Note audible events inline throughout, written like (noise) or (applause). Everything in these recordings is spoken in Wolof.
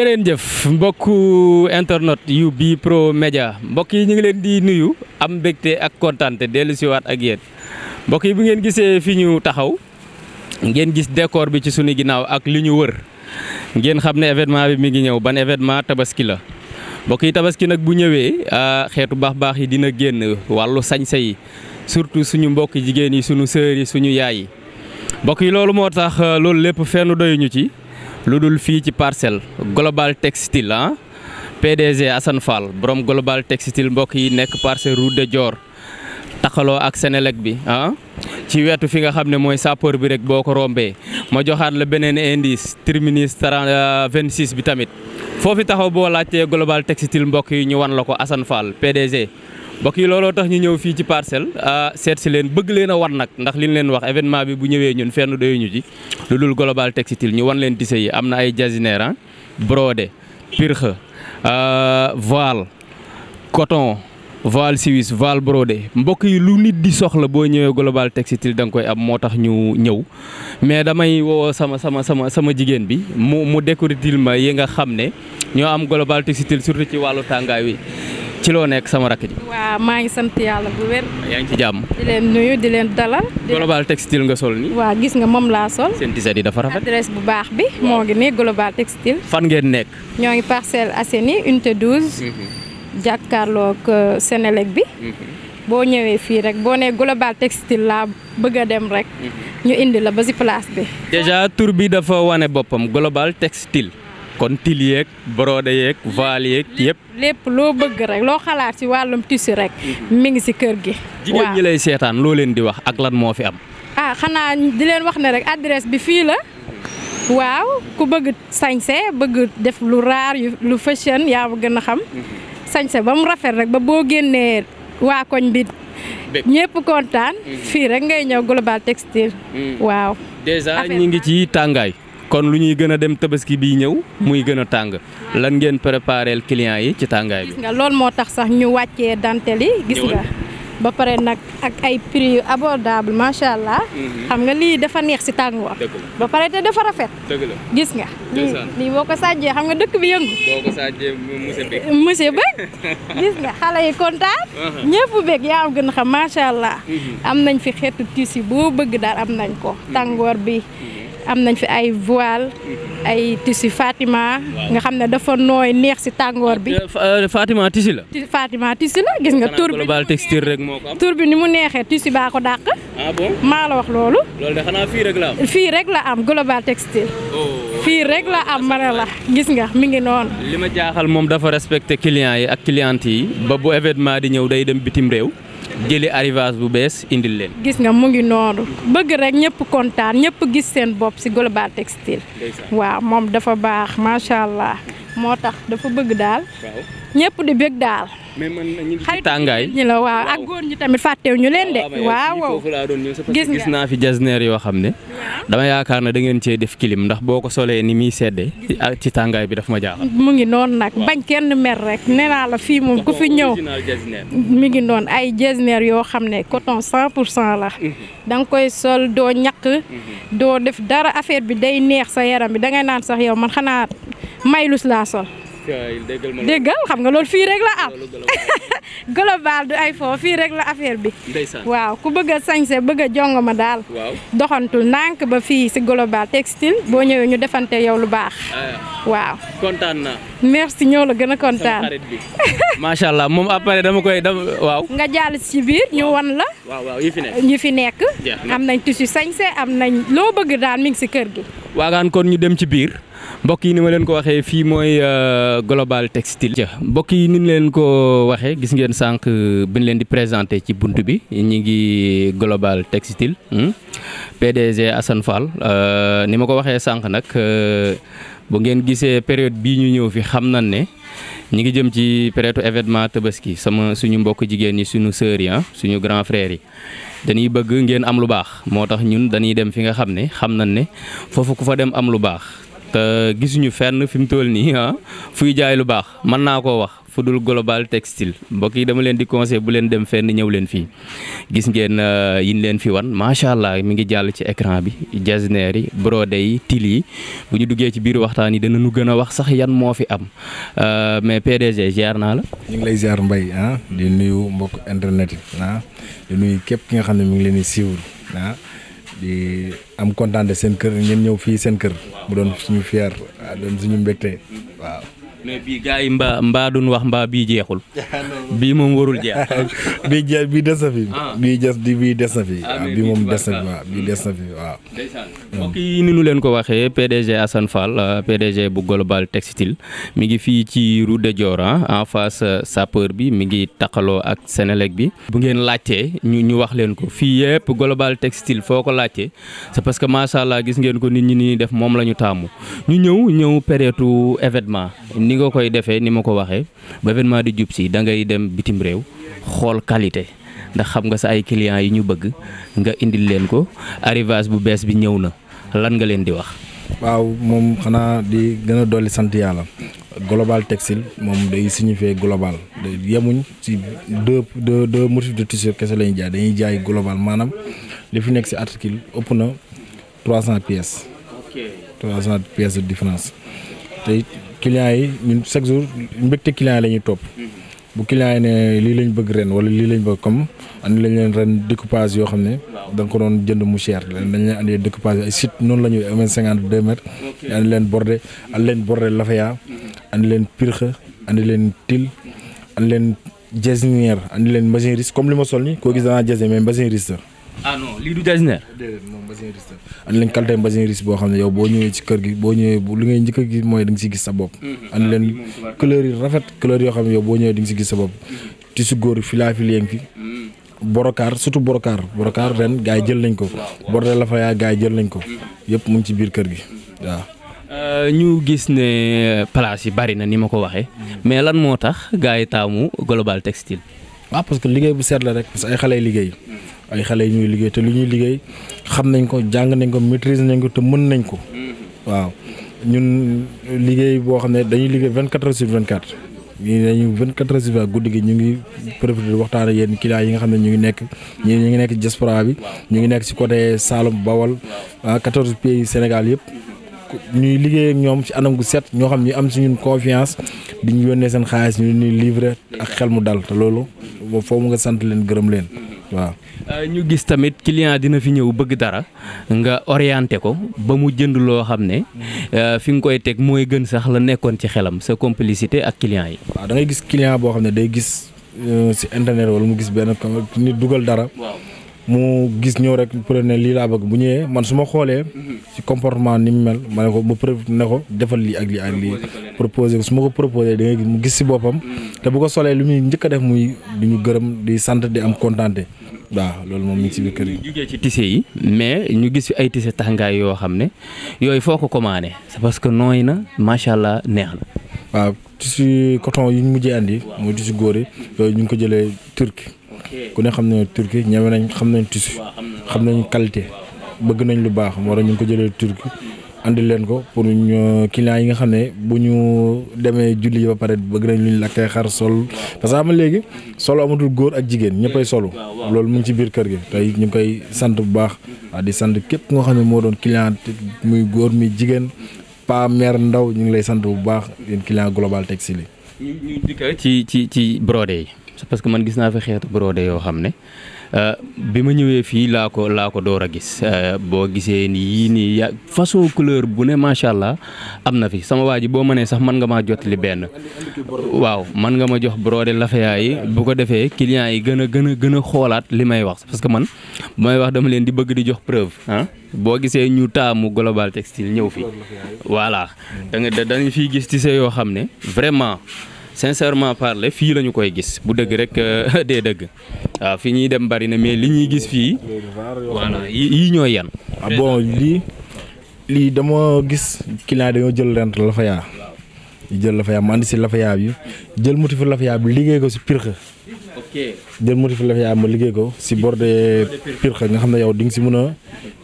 jërëjëf jëf mbokku internet yu bii pro média mbokk yi ñu ngi leen di nuyu am mbégte ak kontaante dellu siwaat ak yéen mbokk yi bu ngeen gisee fi ñu taxaw ngeen gis décor bi ci sunu ginnaaw ak li ñu wër ngeen xam ne événement bi mi ngi ñëw ban événement tabaski la mbokk yi tabaski nag bu ñëwee ah, xeetu baax baax yi dina génn wàllu sañse yi surtout suñu mbokk jigéen yi suñu sœur suñu yaay yi mbokk yi loolu moo tax loolu lépp fenn doyuñu ci lu dul fii ci parcelle global textile ah PDG Assane Fall borom global textile mbokk yi nekk parcelle route de taxaloo ak Senelec bi ah ci wetu fi nga xam ne mooy sapeur bi rek boo ko rombee ma joxaat la beneen indice terminus 26 euh, bi tamit foofu taxaw boo laajtee global textile mbokk yi ñu wan la ko Assane Fall PDG. mbokk yi looloo tax ñu ñëw fii ci parcelle ah, seet si leen bëgg leen a war nag ndax li leen wax événement bi bu ñëwee ñun fenn doyu ñu ji lu dul global textile ñu wan leen tissé yi am na ay jasineer ah, brodé pirxe ah, voile coton voile suisse voile brode mbokk yi lu nit di soxla boo ñëwee global textile da nga koy am moo tax ñu ñëw mais damay woo sama sama sama sama jigéen bi mu mu découratil ma yi nga xam ne ñoo am global textile surtout ci wàllu tàngaay wi ci loo nekk sama rakk ji. waaw maa ngi sant yàlla bu wér. yaa ngi ci jàmm. di leen nuyu di leen dalal. global textile nga sol nii. waa gis nga moom laa sol. seen tiset yi dafa rafet. adresse bu baax bi moo ngi nii global textile. fan ngeen nekk. ñoo ngi Parcelles Assainies unité 12. Mhm. jàkkaarloog euh, Sénélec bi. Mhm. boo ñëwee fii rek boo nee global textile laa bëgg a dem rek. Mhm. ñu indi la ba si place bi. déjà tur bi dafa wane boppam global textile. kon til yeeg brode yeeg voile yeeg yëpp. lépp loo bëgg rek loo xalaat ci wàllum tissu rek. mu mhm. ngi ci kër gi. waaw jigéen ñi lay seetaan loo leen di wax ak lan moo fi am. ah xanaa di leen wax ne rek adresse bi fii la. waaw ku bëgg sañse bëgg def lu raar lu fashion yaa ma gën a xam. Mhm. sañse ba mu rafet rek ba boo génnee waa koñ bi. ñëpp kontaan. Mhm. fii rek ngay ñëw global textile. waaw déjà ñi ngi ci tàngaay. kon lu ñuy gën a dem tabaski bi ñëw muy gën a tàng lan ngeen préparel client yi ci tàngaay bi. gis nga loolu moo tax sax ñu wàccee dentelle yi. gis nga ba pare nag ak ay prix yu abordable macha allah. Mhm. xam nga lii dafa neex si tàngoor. ba pare te dafa rafet. gis nga. lii boo ko sàjjee xam nga dëkk bi yëngu. boo ko sàjjee (laughs) gis nga xale yi kontaan. Uh-huh. ñëpp Beg yaa gën a xam macha allah. Mhm. am nañ fi xeetu tissu boo bëgg daal am nañ ko. Mhm. tàngoor bi. am nañ fi ay voile ay tissu Fatima. nga xam ne dafa nooy neex si tàngoor bi. Euh, euh, Fatima tissu la. Fatima tissu la gis nga. tour bi global rek moo tur bi ni mu neexee tissu baa ko dàq. Ah maa la wax loolu. loolu de fii rek la am. fii rek la am global textile. Oh. fii rek la am ma ne la gis nga mi ngi noonu. li ma jaaxal moom dafa respecté clients yi ak clientes yi ba bu événement di ñëw day dem bitim réew. jëli arrivage bu bees indil leen. gis nga mu ngi noonu bëgg rek ñëpp kontaan ñëpp gis seen bopp ci Global Textile. waaw moom dafa baax macha allah moo tax dafa bëgg daal. ñëpp di bëgg daal. mais man tàngaay ñi la waaw ak góor ñi tamit fàttewu ñu leen de. Ah, waaw gis naa fi jasneer yoo xam ne. dama yaakaar ne da ngeen cee def clim ndax boo ko solee ni muy seddee. Ah, ci tàngaay bi daf ma jaaxal. mu ngi noon nag bañ kenn mer rek nee la fii moom ku fi ñëw. mi ngi noon ay jasneer yoo xam ne coton cent pour cent la. Mhm. da nga koy sol doo ñakk mhm. doo def dara affaire bi day neex sa yaram bi dangay naan sax yow man xanaa maylus laa sol. déggal xam nga loolu fii rek la am (laughs) ay foo fii rek la affaire bi waaw ku bëgg sañse bëgg a jongoma daal doxantu ndànk ba fii si global textile boo ñëwee ñu defante yow lu baax waaw kontaan naa merci ñoo la gën a kontaan (laughs) macha allah moom après dama koy dama waaw nga jàll si biir ñu wan la ñu fi nekk am nañ tissu sañse am nañ loo bëgg daal mi ngi si kër gi waagaan kon ñu dem ci biir mbokk yi ni ma leen ko waxee fii mooy euh, global textile. mbokk yi ni leen ko waxee gis ngeen sànq euh, bi ñu leen di présenté ci bunt bi ñu ngi global textile hmm? PDG Assane Fall euh, ni ma ko waxee sànq nag bu ngeen gisee période bii ñu ñëw fi xam nañ ne ñu ngi jëm ci période événement tabaski sama suñu mbokk jigéen ñi suñu sœurs yi ah, suñu grand frères yi. dañuy bëgg ngeen am lu baax moo tax ñun dañuy dem fi nga xam ne xam nañ ne foofu ku fa dem am lu baax. gisuñu fenn fi mu toll nii ah fuy jaay lu baax man naa ko wax fu dul global textile mbokk yi dama leen di conseil bu leen dem fenn ñëw leen fii gis ngeen euh, yin leen fi wan macha allah mi ngi jàll ci écran bi jasneer yi brodé yi til yi bu ñu duggee ci biir waxtaan yi dana nu gën a wax sax yan moo fi am euh, mais PDG ziar naa la. ñu ngi lay ziar mbay ah di nuyu mbokk internet yi ah, di nuyu képp ki nga xam ne mi ngi leen di siiwul di am kontaan seen kër ngeen ñëw fii seen kër mu doon suñu fier doon suñu mbégte waaw mais bii gars mbaa mbaa duñ wax mbaa bii jeexul. bii moom warul jeex. (laughs) bii jeex bii des na fi. Ah. bii des di ah, ah, bii des na fi. waaw moom des na fi waaw bii des na fi ni ñu leen ko waxee PDG Assane Fall euh, PDG bu Global mi ngi fii ci Rue de Dior en face euh, sapeur bi mi ngi taqaloo ak Senelec bi. bu ngeen laajtee ñu ñu wax leen ko fii yëpp Global Textile foo ko laajtee parce que macha allah gis ngeen ko nit ñi ni def moom la ñu taamu ñu ñëw ñëw période événement. ni nga koy defee ni ma ko waxee ba événement di jub si da ngay dem bitim réew xool qualité ndax xam nga sa ay clients yi ñu bëgg nga indil leen ko arrivage bu bees bi ñëw na lan nga leen di wax. waaw moom xanaa di gën a dolli sant yàlla global textile moom day signifier global yemuñ si deux deux deux motifs de kese la ñuy jaay dañuy jaay global maanaam li fi nekk ci article ëpp na 300 pièces. 300 pièces de différence clients yi ñun chaque jour mbégte clients yi la ñuy topp. bu client yi ne lii lañ bëgg ren wala lii lañ bëgg comme andi lañ leen ren découpage yoo xam ne. da nga ko doon jënd mu cher dañ leen andi découpage ay noonu la ñuy amee cinquante deux leen bordé andi leen bordé lafaya. Mhm. andi leen pirxa andi leen til andi leen jasinière andi leen machine ris comme li ma sol nii koo gis danaa jasin mais machine ah lii du jardinière. déedéet moom mbasin riche leen qualité mbasin riche boo xam ne yow boo ñëwee ci kër gi boo ñëwee li ngay njëkk a gis mooy da nga gis sa bopp. Mhm. andi ah, leen couleur yi rafet couleur yoo xam ne yow boo ñëwee di nga si gis sa bopp. Mhm. tissu góor filaafil yaa mhm. borokaar surtout borokaar borokaar ren gaa yi jël nañ ko. bordel la fa yaa gaa jël nañ ko. yëpp mu ci biir kër gi waaw. Euh, ñu gis ne euh, place yi bari na ni ma ko waxee. mais lan moo tax gaa yi taamu global textile. ah parce que liggéey bu seet la rek parce que ay xale xale yi ñuy liggéey te lu ñuy liggéey xam nañ ko jàng nañ ko maîtrise nañ ko te mën nañ ko waaw ñun liggéey boo xam ne dañuy liggéey vingt quatre heures sur vingt quatre ñii dañuy vingt quatre heures sur guddi gi ñu ngi profité waxtaan ak yéen clients yi nga xam ne ñu ngi nekk ñi ñu ngi nekk diaspora bi ñu ngi nekk si côté Saloum Bawol ah, quatorze pays Sénégal yëpp ñuy liggéey ak ñoom ci anam gu set ñoo xam ñu am si ñun confiance di ñu yónnee seen xaalis ñu ñuy livrer ak xel mu dal te loolu foo mu nga sant leen gërëm leen mhm. waaw. Euh, ñu gis tamit client dina fi ñëw bëgg dara nga orienté ko ba mu jënd loo xam ne mhm. euh, fi nga koy teg mooy gën sax la nekkoon ci xelam sa complicité ak client yi. waaw da ngay gis client boo xam ne day gis euh, si internet wala mu gis benn nit dugal dara. mu gis ñëw rek peut ne lii laa bëgg bu ñëwee man su ma xoolee. ci mhm. comportement ni mel ma ba preuve ne ko defal lii ak lii ak lii proposé ko su ma ko proposé da mu gis si boppam. Mm. te bu ko solee lu muy njëkk a def muy du ñu gërëm di sant di am kontaante. waaw loolu moom mi ngi si biir kër yi. jugee ci tissé yi mais ñu gis fi ay tissé taxangaay yoo xam ne yooyu foo ko commandé c'est parce que nooy na macha allah neex na. waaw tissu coton yi ñu mujjee andi. mooy tissu góor yi yooyu ñu ngi ko jëlee turki ku ne xam ne turki ñeme nañ xam nañ tissu. xam nañu qualité bëgg nañ lu baax moo tax ñu ngi ko jëlee turki mm. andil leen ko pour ñu clients yi nga xam ne bu ñu demee julli ba pare bëgg nañ lu ñu lakkee xar sol parce que am léegi solo amatul góor ak jigéen ñëppay solu loolu mu ci biir kër gi tey ñu ngi koy sant bu baax waaw di sant képp nga xam ne moo doon client muy góor muy jigéen pamer ndaw ñu ngi lay sant bu baax yéen client global textile yi. ci ci ci brodé yi parce que man gis naa fi xeetu brode yoo xam ne. bi ma ñëwee fii laa ko laa ko door a gis euh, boo gisee ni yii nii façon couleur bu ne macha allah am na fi sama waa ji boo mënee sax man nga maa jot li benn waaw man nga ma jox brodé lafeyaa yi bu ko defee clients yi gën a gën a gën a xoolaat li may wax parce que man bu may wax dama leen di bëgg di jox preuve ah boo gisee ñu taamu global textile ñëw fi voilà da nga fiy gis tissé yoo xam ne vraiment. sincèrement parler fii lañu koy gis bu dëgg rek euh, (laughs) dee dëgg waaw fi ñuy dem bari na mais li ñuy gis fii voilà yii ñooy yan. ah bon lii lii dama gis client dañoo jël rent lafaya jël lafaya ma si lafaya bi jël motifu liggéey ko si pirxe jël motif fi am ma liggéey ko si bordé pirxe nga xam ne yow di nga si mën a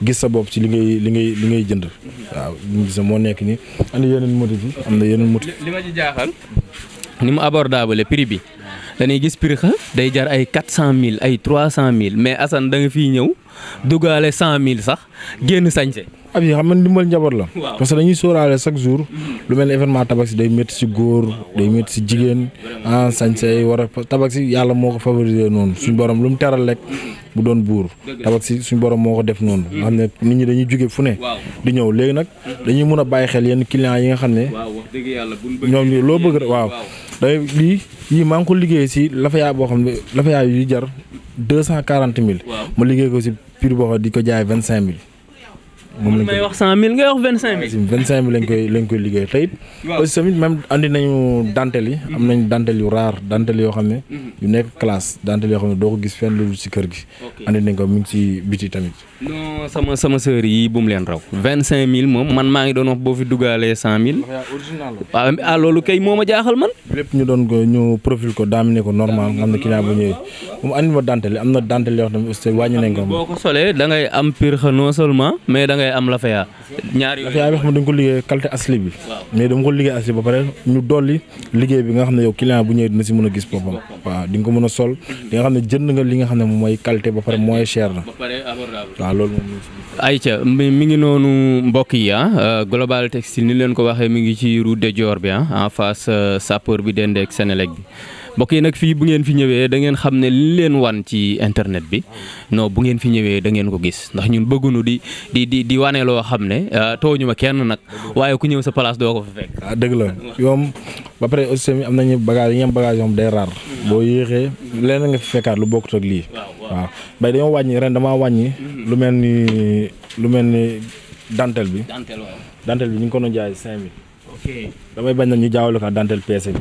gis sa bopp ci li ngay li ngay li ngay jënd waaw li nga gis moo nekk ni am na yeneen motif yi am na yeneen motif ni mu abordable prix bi dañuy gis piri xa day jar ay quatre cent mille ay trois cent mille mais Assane da nga fiy ñëw dugaale cent mille sax génn sañse ab ah yi xam man ndimbal njaboot la parce que dañuy sóoraale chaque jour lu mel ne événement tabaski day métti si góor day métti si jigéen ah sañse war a tabaski yàlla moo ko favoriser noonu suñ borom lu mu teral rek bu doon buur tabaski suñ borom moo ko def noonu nga xam ne nit ñi dañuy jóge fu ne di ñëw léegi nag mm-hmm. dañuy mun a bàyyi xel yenn clients yi nga xam ne ñoom loo bëgg waaw day lii yii maa ngi ko liggéey si lafayaa boo xam ne lafayaa yu jar deux cent quarante mille. ma liggéey ko si prix boo di ko jaay vingt cinq mille. moom lañ koy wax liggéey te aussi tamit même andi nañu dentelle am mhm. nañ dentelle yoo xam ne. Mhm. yu nekk classe dentelle yoo xam ne doo ko gis yi bu mu leen raw. vingt cinq mille moom man maa ngi doon wax boo fi dugaalee cent mille. waaw ah, ah loolu kay moo ma jaaxal man. lépp ñu doon ko ñu profil ko daamine ko ne client bu ma dentelle na dentelle yoo xam ne aussi wàññi nañ ko. ko solee da am pire non seulement mais da koy am Lafeya ñaar yooyu Lafeya bi xam ne dañ ko liggéey qualité asli bi mais dama ko liggéey asli ba pare ñu dolli liggéey bi nga xam ne yow client bu ñëwee dina si mën a gis boppam waaw di ko mën a sol di xam ne jënd nga li nga xam ne mooy qualité ba pare mooy cher na waaw loolu moom ayca mi ngi noonu mbokk yi ah euh, global textile ni leen ko waxee mi ngi ci route de Dior bi ah en face euh, sapeur bi dendee ak Senelec bi mbokk yi nag fii bu ngeen fi ñëwee da ngeen xam ne li leen wan ci internet bi non bu ngeen fi ñëwee da ngeen ko gis ndax ñun bëggunu di di di di wane loo xam ne ah, tooñu ma kenn nag waaye ku ñëw sa place doo ko fa fekk. ah dëgg la yoom ba pare aussi am nañu bagage yi ñu am bagage moom day raar boo yéexee leneen nga fi fekkaat lu bokkut ak lii. waaw mbay dañoo wàññi ren damaa wàññi. lu mel ni lu mel ni dentelle bi. dentelle waaw bi ñu ngi ko doon jaay 5000. ok damay bañ na ñu jaawale ko ak dentelle PC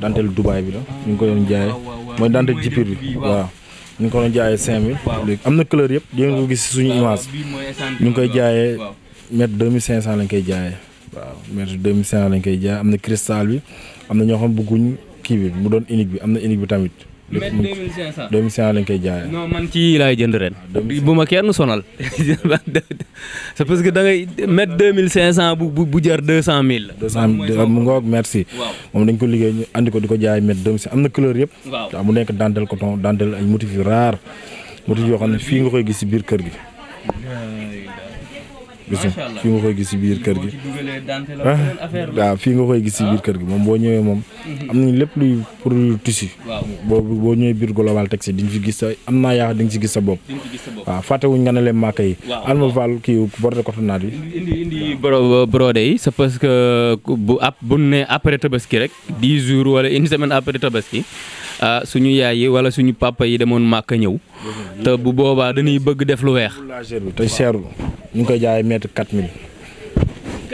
dentelle Dubaay bi la ñu ngi ko doon jaayee mooy dentelle jipir bi waaw ñu ngi ko doon jaayee cinq mille léegi am na couleur yëpp di ngeen ko gis suñu image ñu ngi koy jaayee mètre deux mille cinq cent lañ koy jaayee waaw mètre deux mille lañ koy jaayee am na cristal bi am na ñoo xam bëgguñ kii bi mu doon unique bi am na unique bi tamit mètre 2500 2500 lañ koy jaayee. non man ci laay jënd ren. Ah, bu ma kenn sonal. (laughs) c'est parce que da ngay mètre 2500 bu bu bu jar 200000. 200000 mu ngoog merci. moom dañ ko liggéey ñu andi ko di ko jaay mètre 2500 am na couleur yëpp. waaw te mu nekk dantel coton dantel ay motifs raar motifs yoo xam ne fii nga koy gis si biir kër gi. gis nga nga koy gis si biir kër gi ah, waaw fii nga koy gis si biir ah. kër gi moom boo ñëwee moom mhm. am nañ lépp luy produit tissu boo boo ñëwee biir global teg si di nga fi gis sa am naa yaakaar di nga si gis sa bopp waaw fàttewuñ nga ne leen màkk yi alma fall kii borde cotonnaat yi indi indi brodé yi c'est parce que bu ab ne après tabaski rek dix jours wala une semaine après tabaski ah suñu yaay yi wala suñu papa yi demoon màkk ñëw te bu boobaa dañuy bëgg def lu weex. te seerul ñu ngi koy jaayee mètre 4000.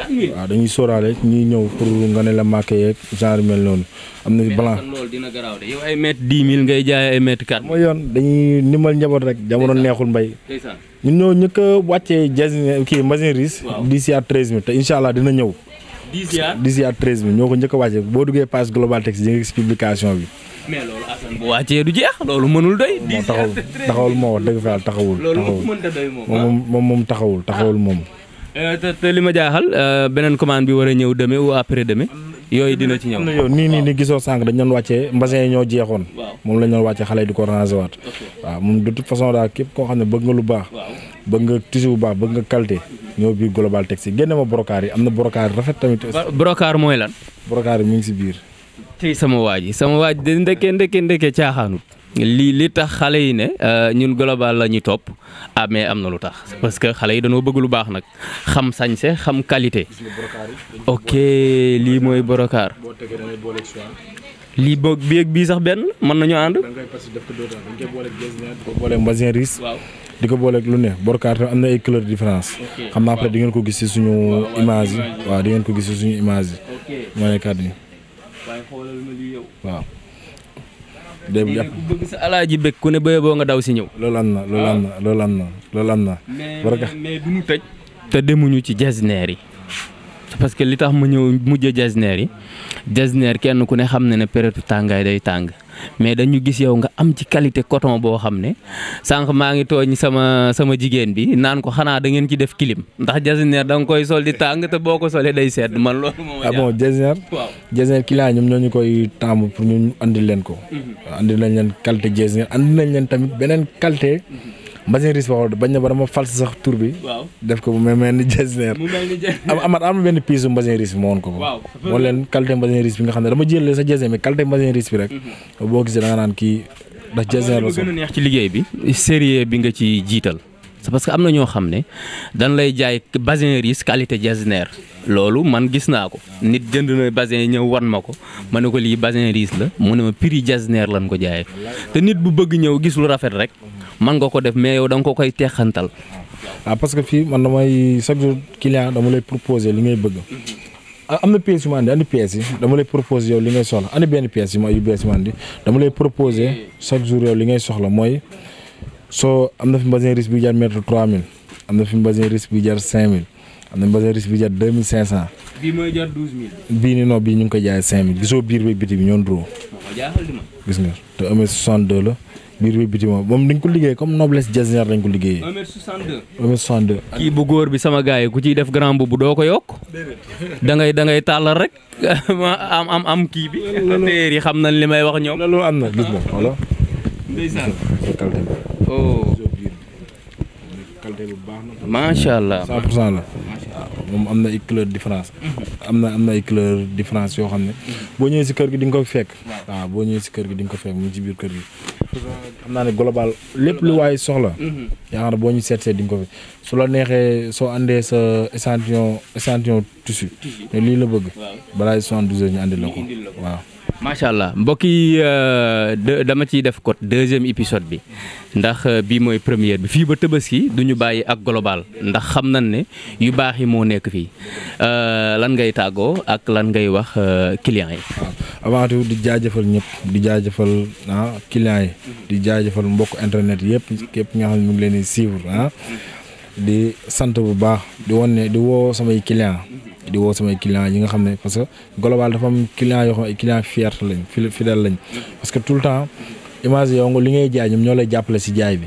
4000 waaw dañuy sóoraale ñuy ñëw pour nga ne la màkk yeeg genre mel noonu. am na balaa loolu dina garaaw de yow ay mètre 10 mille ngay jaayee ay mètre 4000. mooy yoon dañuy nimal njaboot rek jamono neexul mbay. ñu ñoo ñëkk a wàccee jazin kii masin riis. waaw 10 à 13000 te incha allah dina ñëw. 10 à 10 ñoo ko njëkk a boo duggee page global text bi. mais loolu Assane bu wàccee du jeex loolu mënul doy. moo taxawul taxawul moo wax dëgg fa taxawul. loolu moom moom moom taxawul ah. taxawul moom. Euh, te li ma jaaxal euh, beneen commande bi war a ñëw demee ou après demee yooyu dina ci ñëw. waaw nii nii nii gisoo sànq dañu doon wàccee mbasin yi ñoo jeexoon. moom la ñu doon wàccee xale di ko rangé waat. waaw moom de toute façon daal képp koo xam ne bëgg nga lu baax. bëgg nga tissu bu baax bëgg nga qualité. ñëw biir global taxi génne ma brocar yi am na brocar rafet tamit. brocar mooy lan. brocar yi mu ngi si biir. tey sama waa ji sama waa ji de ndeke ndeke ndeke caaxaanut lii li tax xale yi ne euh, ñun global la ñuy topp ah am na lu tax parce que xale yi dañoo bëgg lu baax nag xam sañse xam qualité ok lii mooy brocar lii boog bi ak bii sax benn mën nañu ànd. di ko booleeg lu ne brocar tam am na ay couleur différence xam naa après di ngeen ko gis si suñu image waaw di ngeen ko gis ci suñu image yi. mooy kàddu yi. waaye xoolal ma lii yow. waaw. dem yàq ku bëgg sa alaaji bëgg ku ne ba boo nga daw si ñëw. loolu am na loolu am na ah. loolu am na loolu am na. mais mais du ñu tëj. te demuñu ci jasneer yi. parce que li tax ma ñëw mujj jasneer yi jasneer kenn ku ne xam ne ne période tàngaay day tàng. mais dañu gis yow nga am ci qualité coton boo xam ne sànq maa ngi tooñ sama sama jigéen bi naan ko xanaa da ngeen ci def kilim ndax jasinaire da nga koy sole di tàng te boo ko solee day sedd man loolu moom ah bon jasinaire waaw jasinaire ñoom ñoo ñu koy tàmm pour ñu andil leen ko mhm. andil nañ leen qualité jasinaire andil nañ leen tamit beneen qualité mhm. Mbassin Riche waxoon bañ na ba dama fals sax tur bi. waaw def ko bu mel ni Jesner. ni Jesner am am na benn piisu Mbassin Riche ma woon ko. waaw moo leen qualité Mbassin Riche bi nga xam ne dama jëlee sa Jesner mais qualité Mbassin rek. Mhm. boo gisee da nga naan kii ndax Jesner la. gën neex ci liggéey bi. sérieux bi nga ci jiital. c'est parce que am na ñoo xam ne dañ lay jaay basin Riche qualité Jesner. loolu man gis naa ko. nit jënd na Mbassin ñëw wan ma ko. ma ne ko lii basin Riche la. mu ne ma prix Jesner lañ ko jaayee. te nit bu bëgg ñëw gis rafet rek man nga ko def mais yow da nga ko koy teexantal. ah parce que fii man damay chaque jour client dama lay proposer li ngay bëgg. Ah, am na pièces yu ma andi andi pièces yi dama lay proposer yow li ngay soxla andi benn pièce yi ma yu bees yu ma andi dama li ngay soxla mooy soo am na fi mbasin risque bi jar mètre 3000 am na fi mbasin risque bi jar 5000 am na mbasin risque bi jar 2500. bii mooy jar bii nii non bii ñu ngi koy jaayee 5000 gisoo biir bi biti bi ñoo nduroo. gis nga te amee 62 la. biir bi biti moom moom dañ ko liggéey comme noblesse jasiñar lañ ko liggéeyee. 1 kii bu góor bi sama gars yi ku ciy def grand boubou doo ko yokk. da ngay da ngay tàllal rek (laughs) am am kii bi. téer yi xam nañ li may wax ñoom. loolu am na gis nga voilà. ndeysaan. oh. macha moom am na ay couleur différence na am na ay couleur yoo xam ne boo ñëwee si kër gi di ko fekk waaw boo ñëwee si kër gi di ko fekk mu ngi ci biir kër gi xam naa ne global lépp lu waay soxla. yaakaar naa boo ñu seet seet di ko fi su la neexee soo andee sa échantillon échantillon tissu. ne lii la bëgg. balaa soixante-douze heures ñu andil la ko waaw. macha allah mbokk yi euh, dama ciy def kot deuxième épisode bi ndax euh, bii mooy première bi fii ba Tabaski du ñu bàyyi ak global ndax xam nañ ne yu baax yi moo nekk fii euh, lan ngay tàggoo ak lan ngay wax clients yi. avant di jaajëfal ñëpp di jaajëfal ah clients yi di jaajëfal mbokk internet yëpp képp nga xam ne ngi leen di suivre ah di sant bu baax di wan ne di woo samay clients. di woo samay clients yi nga xam ne parce que global dafa am clients yoo xam ay clients fiers lañ fidèles lañ parce que tout le temps image yow li ngay jaay ñoom ñoo lay jàppale si jaay bi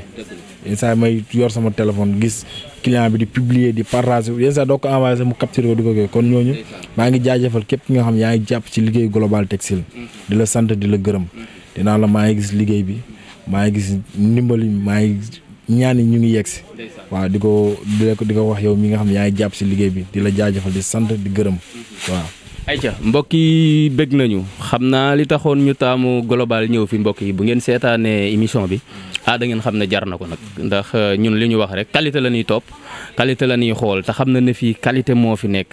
yenn saa may yor sama téléphone gis client bi di publier di partager yenn saa doo ko envoyé mu capture ko di ko koy kon ñooñu maa ngi jaajëfal képp ki nga xam yaa ngi jàpp ci liggéey global textile di la sant di la gërëm dinaa la maa ngi gis liggéey bi maa ngi gis ndimbali maa ngi ñaan yi ñu ngi si waaw di ko di ko wax yow mi nga xam ne yaa ngi jàpp si liggéey bi di la jaajëfal di sant di gërëm mm-hmm. waaw. ayca mbokk yi bëgg nañu xam naa li taxoon ñu taamu global ñëw fi mbokk yi bu ngeen seetaanee émission bi. ah da ngeen xam ne jar na ko nag ndax euh, ñun li ñu wax rek qualité la ñuy topp qualité la ñuy xool te xam na ne fii qualité moo fi nekk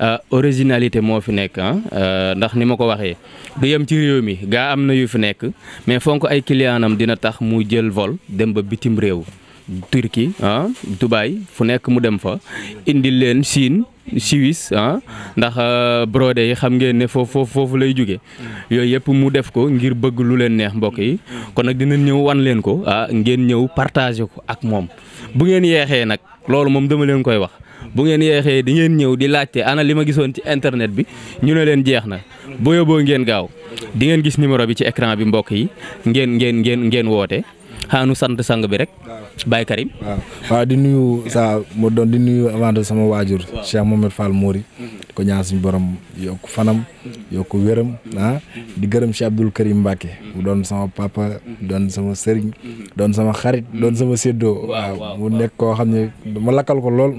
euh, originalité moo fi nekk ah euh, ndax ni ma ko waxee du yem ci réew mi gaa am na yu fi nekk mais fonk ay client dina tax mu jël vol dem ba bitim réew. Turquie ah Dubaï fu nekk mu dem fa indil leen Chine Suisse ah ndax euh, brode yi xam ngeen ne foofu lay jóge yooyu yëpp mu def ko ngir bëgg lu leen neex mbokk yi kon nag dina ñëw wan leen ko ah ngeen ñëw partagé ko ak moom bu ngeen yeexee nag loolu moom dama leen koy wax bu ngeen yeexee di ngeen ñëw di laajte ana li ma gisoon ci internet bi ñu ne leen jeex na boo yóbboo ngeen gaaw di ngeen gis numéro bi ci ecran bi mbokk yi ngeen ngeen ngeen ngeen woote xanaa nu sant sang bi rek. Baye Karim. waaw di nuyu sa moo doon di nuyu avant sama waajur. Cheikh Mohamed Fall Mori. Mhm. di ko ñaan borom yokk fanam. Mhm. yokk wéram ah. Mhm. di gërëm Cheikh Abdoul Karim Mbacke. mu doon sama papa. doon sama sëriñ. doon sama xarit doon sama séddoo. waaw mu nekk koo xam ne ma lakkal ko lool.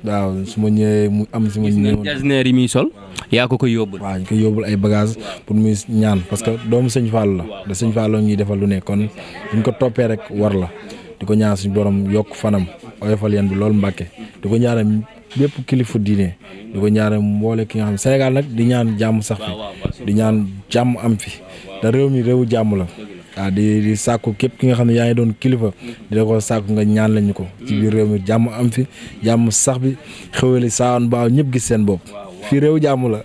waaw su ma ñëwee mu am su ma ñëwee. jasneer yi muy sol. yaa ko koy yóbbul. waaw ñu koy yóbbul ay bagages pour muy ñaan parce que doomu sëñ Fall la. da sëñ Fall la defal lu ne kon buñ ko toppee rek war la di ko ñaan suñu borom yokk fanam oyofal yan bi loolu mbàkke di ko ñaanal bépp kilifa diine di ko ñaanal mboole ki nga xam Sénégal nag di ñaan jàmm sax fi di ñaan jàmm am fi te réew mi réewu jàmm la di saako képp ki nga xam ne yaa ngi doon kilifa di la ko sàkku nga ñaan lañu ko ci biir réew mi jàmm am fi jàmm sax bi xeweli saan baaw ñëpp gis seen bopp fii réew jàmm la.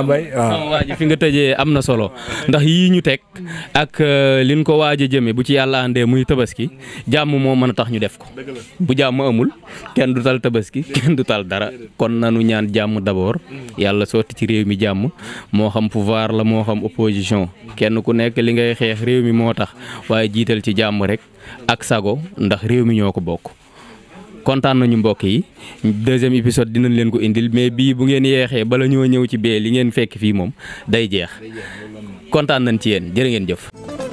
abay ah, fi nga tëjee am na solo ndax yii ñu teg ak euh, liñ ko waaj a jëmee bu ci yàlla àndee muy tabaski jàmm moo mën a tax ñu def ko. bu jàmm amul kenn du tal tabaski kenn du tal dara kon nanu ñaan jàmm d'abord mm. yàlla sotti ci réew mi jàmm moo xam pouvoir la moo xam opposition kenn ku nekk li ngay xeex réew mi moo tax waaye jiital ci jàmm rek ak sago ndax réew mi ñoo ko bokk. kontaan nañu mbokk yi deuxième épisode dinañ leen ko indil mais bii bu ngeen yeexee bala ñoo ñëw ci bee li ngeen fekk fii moom day jeex kontaan nañ ci yéen jërë ngeen jëf.